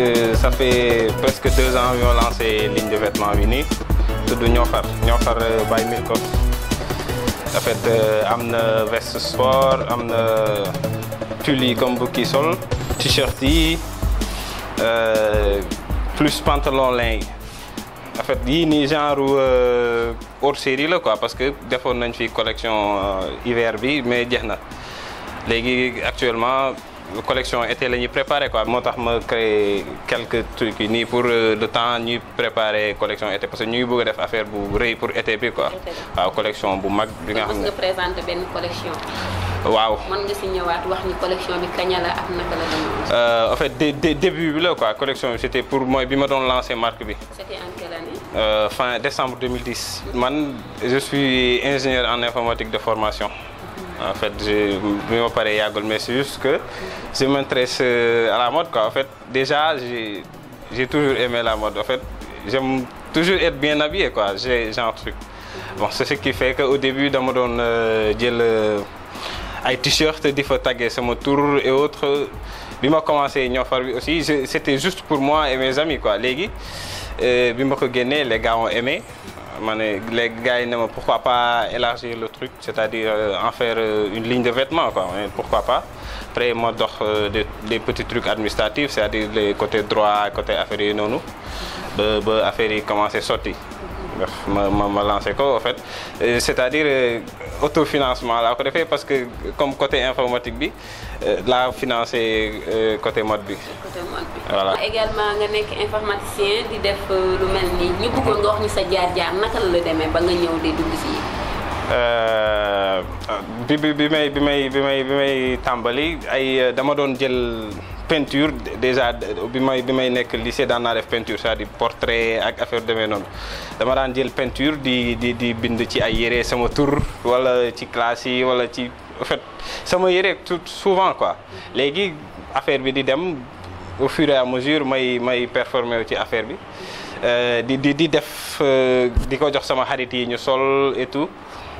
Euh, ça fait presque deux ans j'ai lancé ligne de vêtements bi tout tudd Niofar Niofar by Milcos en fait euh, am na veste sport am tulle comme bukki sol t-shirt yi euh, plus pantalon lin en fait yii nii genre euh, hors série là quoi parce que on nañ fi collection euh, hiver bi mais jeex na léegi actuellement collection été la ni préparé quoi Moi, tax ma créé quelques trucs ni pour le temps ñuy préparé collection été parce que nous ngi bëgg a def affaire bu rëy pour été bi quoi. waaw collection bu mag bi nga xam collection waaw collection en fait début la quoi collection c'était était pour moi bi ma doon lancé marque bi. C'était en quelle année. Euh, fin décembre 2010. je suis ingénieur en informatique de formation. Mhm. en fait je bi ma paree mais c'est juste que je euh, à la mode quoi en fait déjà j'ai toujours aimé la mode en fait j'aime toujours être bien habillé quoi j'ai un truc mhm. bon c'est ce qui fait que au début dama mon euh, jël un t-shirt des photos taguer sama tour et autres Je commencé à aussi c'était juste pour moi et mes amis quoi euh, les gars ont aimé les gars pourquoi pas élargir le truc c'est-à-dire euh, en faire euh, une ligne de vêtements pourquoi pas après des petits trucs administratifs c'est-à-dire les côtés droit côté affaires et non ba affaires à commencé sortir. Bref, ma lancé en fait c'est-à-dire euh, autofinancement parce que comme côté informatique bi euh, financer euh, côté mode voilà. également informaticien la euh, bi bi bi may bi may bi may bi may tàmbali ay euh, dama doon jël peinture déjà bi may bi may nekk lycée daan naa def peinture c'est-à-dire portrait ak affaire demee noonu dama daan jël peinture di di di bind ci ay yére sama tur wala ci classe yi wala ci en fait sama yére tout souvent quoi léegi affaire bi di dem au fur et à mesure may may performé ci affaire bi euh, di di di def di ko jox sama xarit yi ñu sol et tout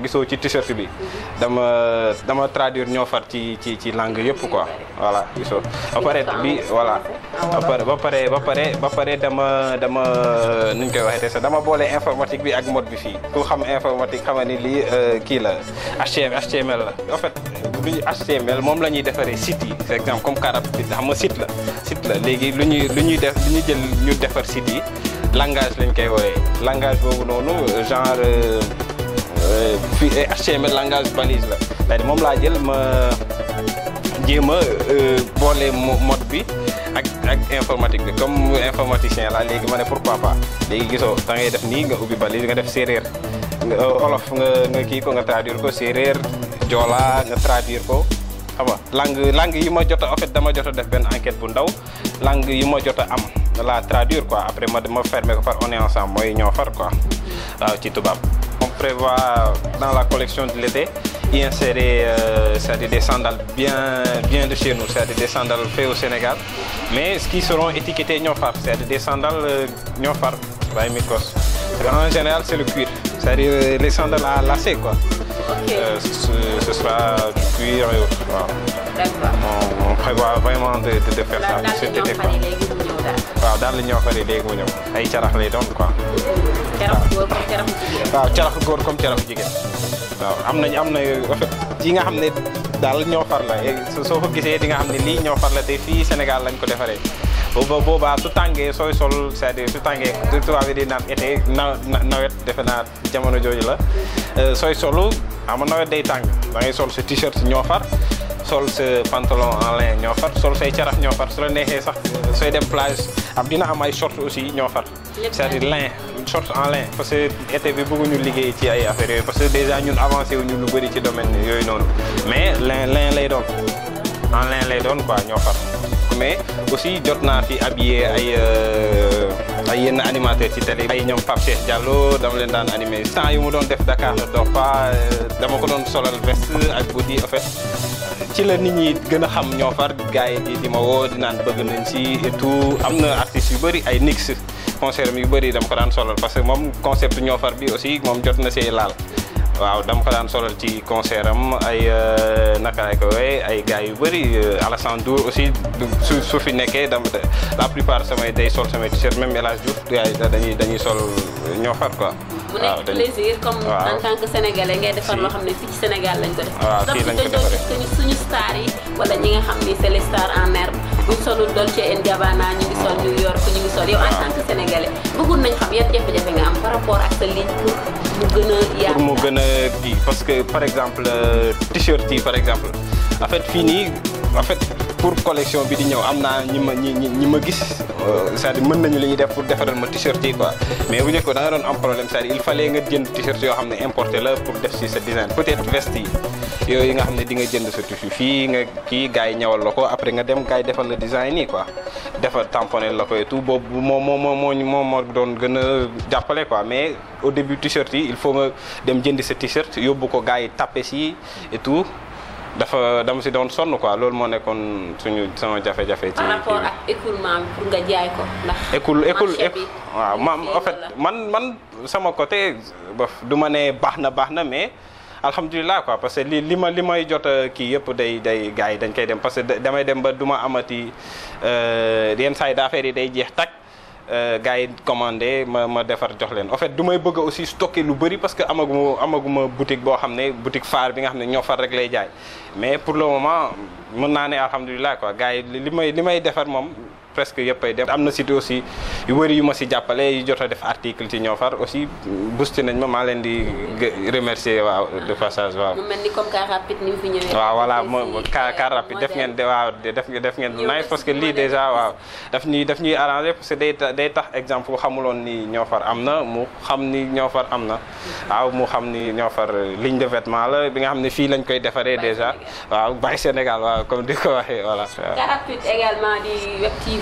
gisoo ci t-shirt bi dama dama traduire ñoo far ci ci ci langue yëpp quoi voilà gisoo ba pare bi voilà ba pare ba pare ba pare dama dama nuñ koy waxee sax dama boole informatique bi ak mode bi fii ku xam informatique xama ni lii euh, kii la HTML la en fait du HTML moom la ñuy defaree sit yi par exemple comme carap bi xam nga site la site la léegi lu ñuy lu ñuy def lu ñuy jël ñu defar site yi langage lañ koy wooyee langage boobu noonu genre euh, fii HTML eh, langage balise la c'est-à-dire moom laa jël ma jéem euh, boole mode bi ak ak informatique bi comme informaticien laa léegi ma ne pour pas léegi gisoo da ngay def nii nga ubbi balise nga def séeréer nga euh, olof nga nga kii ko nga traduire ko séeréer joola nga traduire ko xam nga langue langue yi ma jot a dama jot def benn enquête bu ndaw langue yi ma jot am la traduire quoi après ma ma fermer ko par on ensemble mooy ñoo far quoi waaw ci tubaab. prévoir dans la collection de l'été y insérer euh, des sandales bien, bien de chez nous, cest des sandales faits au Sénégal, mais ce qui seront étiquetés Nyonfar c'est-à-dire des sandales euh, Nyonfar by Mikos. En général, c'est le cuir, c'est-à-dire euh, les sandales à lacets. Quoi. ce, sera du cuir et autres. On, prévoit vraiment de, faire ça. waaw daan la ñoo xare léegi mu ñëw ay carax lay doon quoi. carax góor comme carax jigéen. waaw carax góor comme carax jigéen. waaw am nañ am na yi nga xam ne daal ñoo far la eh, soo ko gisee di nga xam ne lii ñoo far la te fii Sénégal lañ ko defaree. booba boobaa su tàngee sooy sol sa à su tàngee tubaab yi di naan été na nawet defe naa jamono jooju la euh, sooy solu ama nawet day tàng da ngay sol sa t-shirt ñoo far. sol sa pantalon en lin ñoo far sol say charax ñoo far su la neexee sax soy dem plage am dina am ay short aussi ñoo far c'est-à-dire lin short en lin parce que été bi bëggu ñu liggéey ci ay affaire yooyu parce que déjà ñun avancé wu ñu lu bari ci domaine yoy non mais lin lin lay doon en lin lay doon quoi ñoo far mais aussi jot naa fi habillé ay euh, ay yenn animateur ci télé ay ñom pap Cheikh Diallo dama len daan animé temps yu mu doon def Dakar la dox pas dama ko doon solal vest ak body en fait ci la nit ñi gëna xam ñoo far gaay yi di ma wo di naan bëgg nañ ci et tout amna artiste yu bari ay nix concert yu bari dama ko daan solo parce que mom concept ñoo far bi aussi mom jot na sey laal waaw dama ko daan solal ci concert am ay euh, naka lay ko ay gars yu bëri euh, Alassane Dour aussi su su fi nekkee dama la plupart samay day sol samay t-shirt même El Hadj yi dañuy dañuy sol ñoo far quoi. waaw mu nekk plaisir comme en tant que ngay defar loo xam ne fii Sénégal lañ ko def. waaw suñu star yi wala ñi nga xam ni c'est les stars en herbe. buñ solul Dolce and Gabbana ñu ngi sol New York ñu ngi sol yow en tant que sénégalais nañ xam yan jafe-jafe nga am par rapport ak sa pour mu gën a yaatu pour mu gën a parce que par exemple euh, t-shirt yi par exemple en fait fii nii en pour collection bi di ñëw am naa ñi ma ñi ma gis euh, c'est-à-dire mën nañu li ñuy def pour defaral ma t-shirt yi quoi mais bu njëkk da nga doon am problème c'est-à-dire il fallait nga jënd t-shirt yoo xam ne importé la pour def si sa design peut-être veste yi yooyu nga xam ne di nga jënd sa tissu fii nga kii gars ñawal la ko après nga dem gars yi defal la design yi quoi defal tamponné la ko et tout boobu moo moo moo moo moo moo doon gën a jàppale quoi mais au début t-shirt yi il faut nga dem jënd sa t-shirt yóbbu ko gars yi tapé si et tout dafa dama si doon sonn quoi loolu moo nekkoon suñu sama jafe-jafe. ci par rapport ko ndax. écoule waaw ma en man man sama côté bof du ma ne baax na baax na mais. alhamdulilah quoi parce que li li ma li may jot kii yëpp day day gars yi dañ koy dem parce que damay dem ba du ma amati euh, yenn saa yi d'affaire yi day jeex takk. Euh, gars yi commandé ma ma defar jox leen en fait du may bëgg aussi stocké lu bari parce que amaguma amaguma boutique boo xam ne boutique phare bi nga xam ne ñoo far rek lay jaay mais pour le moment mën naa ne alhamdulilah quoi gars yi li may li may defar moom. presque yépp ay dem am na site aussi yu wëri yu ma si jàppale yu jot a def article ci ñoo aussi boosté nañ ma maa leen di remercier waaw de passage waaw. mu mel ni comme car rapide ni mu fi ñëwee. waaw voilà mo euh, car car rapide def ngeen de waaw def ngeen def ngeen nice parce que lii déjà waaw daf ñuy daf ñuy arranger parce que day day tax exemple xamuloon ni ñoo far am na mu xam ni ñoo far am na waaw mu xam ni ñoo far euh, ligne de vêtement la bi nga xam ne fii lañ koy defaree déjà waaw bàyyi Sénégal waaw comme di ko waxee voilà. rapide également di web TV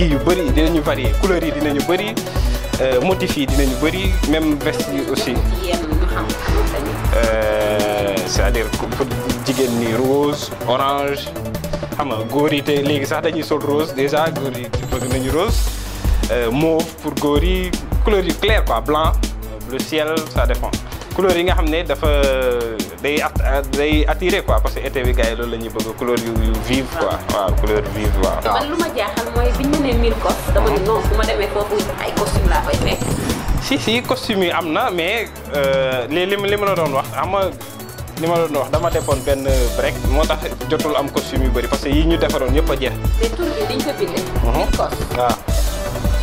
kii yu bëri dinañu varier couleurs yi dinañu euh motif yi dinañu bari même veste aussi. Euh, c'est-à-dire pour jigéen ni rose orange xam gori té légui sax dañuy sol rose déjà gori tu bëgg nañu rose euh, mauve pour góor yi claire quoi blanc bleu ciel ça dépend couleur yi nga xamné dafa day day attiré quoi parce que été bi gars yi loolu bëgg couleur yu yu vive quoi. Ah. waaw couleur vive waaw. waaw man lu ma jaaxal mooy bi ñu nee mille dama ni non si si costume yi am na mais euh, li li li ma la doon wax am nga li ma la doon wax dama defoon benn break moo tax jotul am costume yu bëri parce que yi ñu defaroon yëpp a jeex. mais tur bi diñ ko bindee. mille mhm. cos waaw. Ah.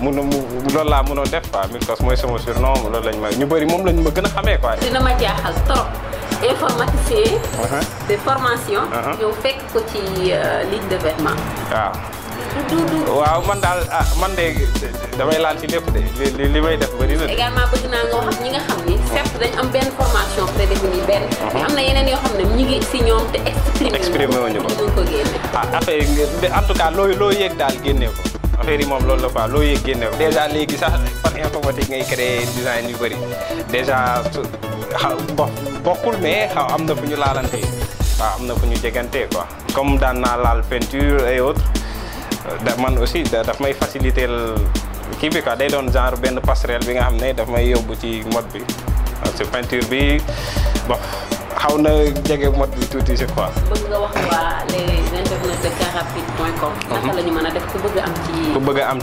mun na def quoi Milkos mooy sama surnom loolu lañ ma ñu bëri moom lañ ma gën a quoi. dina ma jaaxal trop informaticien. Uh-huh. de formation. Uh-huh. ñëw fekk ko ci euh, ligne de vêtement. waaw. waaw man daal ah, man de damay laal ci lépp de li li may def na. également bëgg nga wax ñi nga xam ni. certes uh-huh. dañ am benn formation benn. mais am na yeneen yoo xam ne ñu ngi si ñoom te exprimer. exprimer wuñu ko ah affaire en tout cas looy daal génne ko. affaire moom loolu la quoi loo yëg génne dèjà léegi sax par informatique ngay créer design yu bëri dèjà xaw bokkul mais xaw am na fu ñu laalante waaw am na fu ñu jegante quoi comme daan naa laal peinture et autres da aussi daf may faciliter kii bi quoi day doon genre benn passerelle bi nga xam ne dafa may yóbbu ci mode bi peinture bi bon xaw na jege mot bi tuuti je crois. bëgg nga wax waa les internautes de carrapide.com. Mhm. naka la ñu mën a ku bëgg am ci. ku bëgg am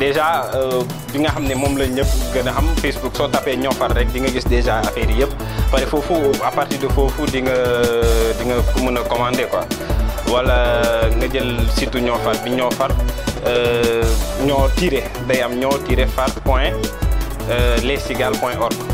déjà euh, bi nga xam ne moom la ñëpp gën a am Facebook soo tapee ñoofar rek di nga gis déjà affaire yi yëpp pare foofu à partir de foofu di nga di nga mën a commandé quoi. wala nga jël site ñoofar bi ñoofar ñoo euh, tiré day am ñoo tiré far point euh, lescigales point org.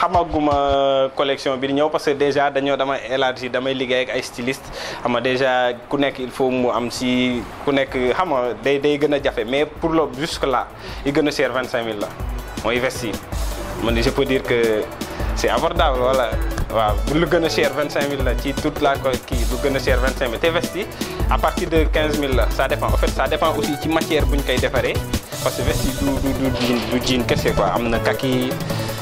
xamaguma collection bi parce que déjà dama élargi styliste déjà ku nekk il faut mu am si ku nekk day day mais pour le jusque là il gëna cher 25000 je peux dire que c'est abordable voilà waaw lu la toute la qui à partir de 15 ça dépend en fait ça dépend aussi ci matière koy parce que vesti du du du du jean quoi